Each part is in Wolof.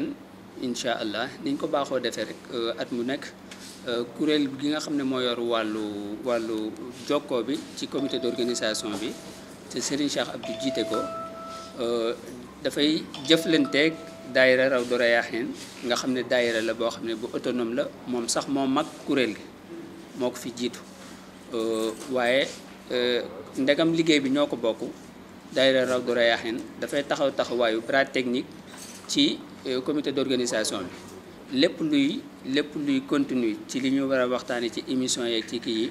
ren incha allah niñ ko baaxoo defee rek euh, at mu nekk euh, kuréel gi nga xam ne moo yor wàllu wàllu jokkoo bi ci comité d'organisation bi te Serigne Cheikh Abdou jiite ko euh, dafay jëflanteeg daayira raw dora yaaxeen nga xam ne daayira la boo xam ne bu autonome la moom sax moo mag kuréel gi moo ko fi jiitu waaye ndegam liggéey bi ñoo ko bokk daayira raw dora yaaxeen dafay taxaw taxawaayu bras technique ci Euh, comité d'organisation bi lépp luy lépp luy continue ci li ñu war a waxtaanee ci émission yeeg ci kii yi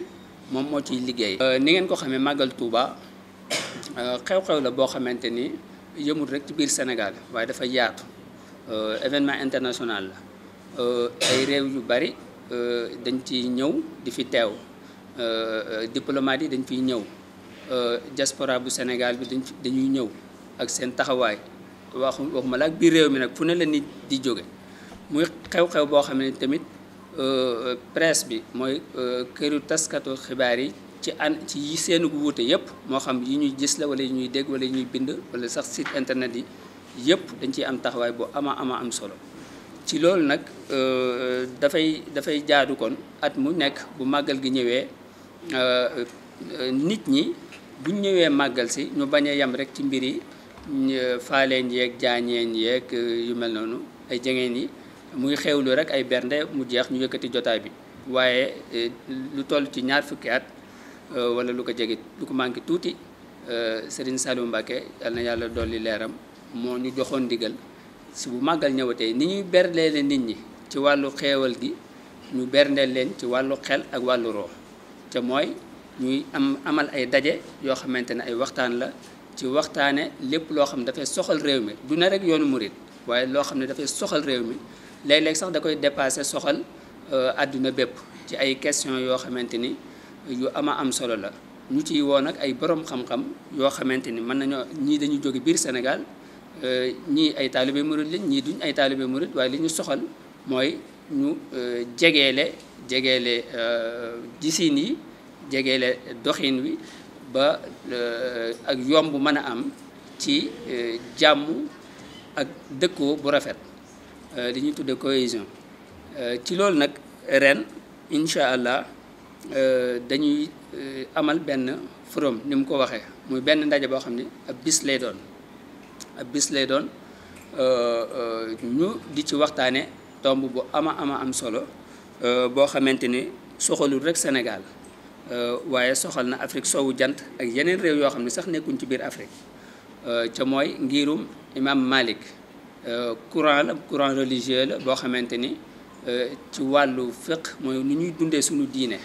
moom moo ciy liggéey. Euh, ni ngeen ko xamee màggal Touba euh, xew-xew la boo xamante ni yëmul rek ci biir Sénégal waaye dafa yaatu événement international la ay réew yu bari dañ ci ñëw di fi teew diplomate yi dañ fiy ñëw diaspora bu Sénégal bi dañ fi dañuy ñëw ak seen taxawaay. waxu waxuma la biir réew mi nag fu ne la nit di jóge muy xew-xew boo xam ne tamit euh, presse bi mooy euh, këru taskatu xibaar yi ci an ci seenu wute yëpp moo xam yi ñuy gis la wala yi ñuy dégg wala yi ñuy bind wala sax site internet yi yëpp dañ ciy am taxawaay bu ama ama am solo ci loolu nag euh, dafay dafay jaadu kon at mu nekk bu màggal gi ñëwee nit ñi buñ ñëwee màggal si ñu bañ a yem rek ci mbir yi faaleen njeeg jaañeen yeeg euh, yu mel noonu ay jegeen yi muy xewlu rek ay bernde mu jeex ñu yëkkati jotaay bi waaye euh, lu toll ci ñaar fukki at euh, wala lu ko jege lu ko manqué tuuti Serigne Saliou Mbacké yal na yàlla dolli leeram moo ñu joxoon ndigal si bu màggal ñëwatee ni ñuy berndeele nit ñi ci wàllu xeewal gi ñu berndeel leen ci wàllu xel ak wàllu roo te mooy ñuy am amal ay daje yoo xamante ne ay waxtaan la ci waxtaane lépp loo xam ne dafay soxal réew mi du na yoonu murit waaye loo xam ne dafay soxal réew mi léeg-léeg sax da koy dépassé soxal àdduna euh, bépp ci ay question yoo xamante ni yu ama am solo la ñu ciy woo nag ay borom xam-xam yoo xamante ni mën nañoo ñii dañuy jóge biir Sénégal euh, ñii ay taalibe murit lañ ñii duñ ay taalibe murit waaye li ñu soxal mooy ñu euh, jegeele jegeele gisiin yi jegeele doxin wi ba euh, ak yomb mën a am ci euh, jàmm ak dëkkoo bu rafet euh, li ñuy tudde cohésion ci loolu nag ren incha allah dañuy amal benn forum ni mu ko waxee muy benn ndaje boo xam ne ab bis lay doon ab bis lay doon ñu di ci waxtaanee tomb bu ama ama am solo boo xamante ni soxalul rek Sénégal Euh, waaye soxal na Afrique soowu jant ak yeneen réew yoo xam ne sax nekkuñ ci biir Afrique euh, ca mooy ngirum imam Malik euh, courant la courant religieux la boo xamante ni ci wàllu fiq mooy nu ñuy dundee suñu diine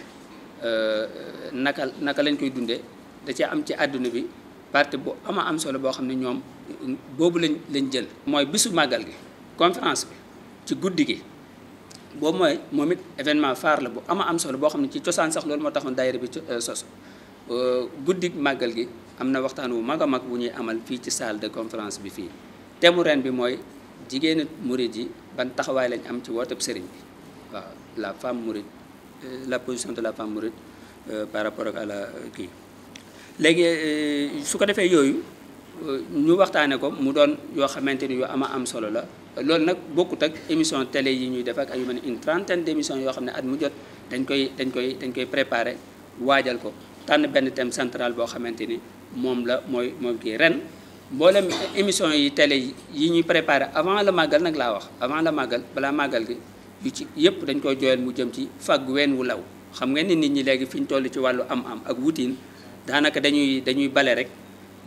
naka naka lañ koy dundee da cee am ci àdduna bi partie bu ama am solo boo xam ne ñoom boobu lañ lañ jël. mooy bisu màggal gi conférence bi ci guddi gi. boobu mooy moom it événement phare la bu ama am solo boo xam ne ci cosaan sax loolu moo taxoon daayira bi euh, sos euh, guddi màggal gi am na waxtaan wu mag a mag wu ñuy amal fii ci salle de conférence bi fii thème ren bi mooy jigéenu murid yi ban taxawaay lañ am ci wooteb sëriñ bi waaw la femme mouride euh, la position de la femme mouride par rapport ak à la kii léegi su ko defee yooyu ñu waxtaane ko mu doon yoo xamante ni yu ama am solo la loolu nag bokkut ak émission télé yi ñuy def ak ay mën une trentaine d' émissions yoo xam ne at mu jot dañ koy dañ koy dañ koy préparé waajal ko tànn benn thème central boo xamante ni moom la mooy mooy kii ren mboolem émission yi télé yi ñuy préparé avant la màggal nag laa wax avant la màggal balaa màggal gi yu ci yëpp dañ koy joyal mu jëm ci fàgg ween wu law xam nga ni nit ñi léegi fi ñu toll ci wàllu am-am ak wutiin daanaka dañuy dañuy bale rek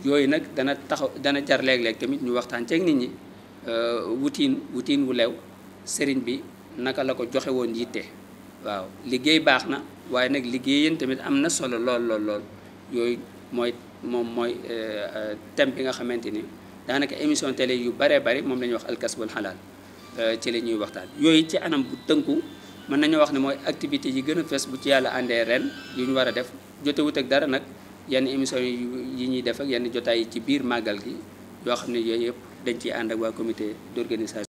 yooyu nag dana taxaw dana jar léeg-léeg tamit ñu waxtaan ceeg nit ñi Euh, wutiin wutiin wu lew sëriñ bi naka la ko joxe woon yitte waaw liggéey baax na waaye nag liggéeyeen tamit am na solo lool lool lool yooyu mooy moom mooy euh, euh, thème bi nga xamante ni daanaka émission télé yu baree bari moom la ñuy wax alkasbul xalaal ci la ñuy waxtaan yooyu ci anam bu tënku mën nañoo wax ne mooy activité yi gën a fees bu ci yàlla àndee ren yu ñu war a def jotewut ak dara nag yenn émission yi ñuy def ak yenn jotaay yi ci biir màggal gi yoo xam ne dañ ciy ànd waa comité d'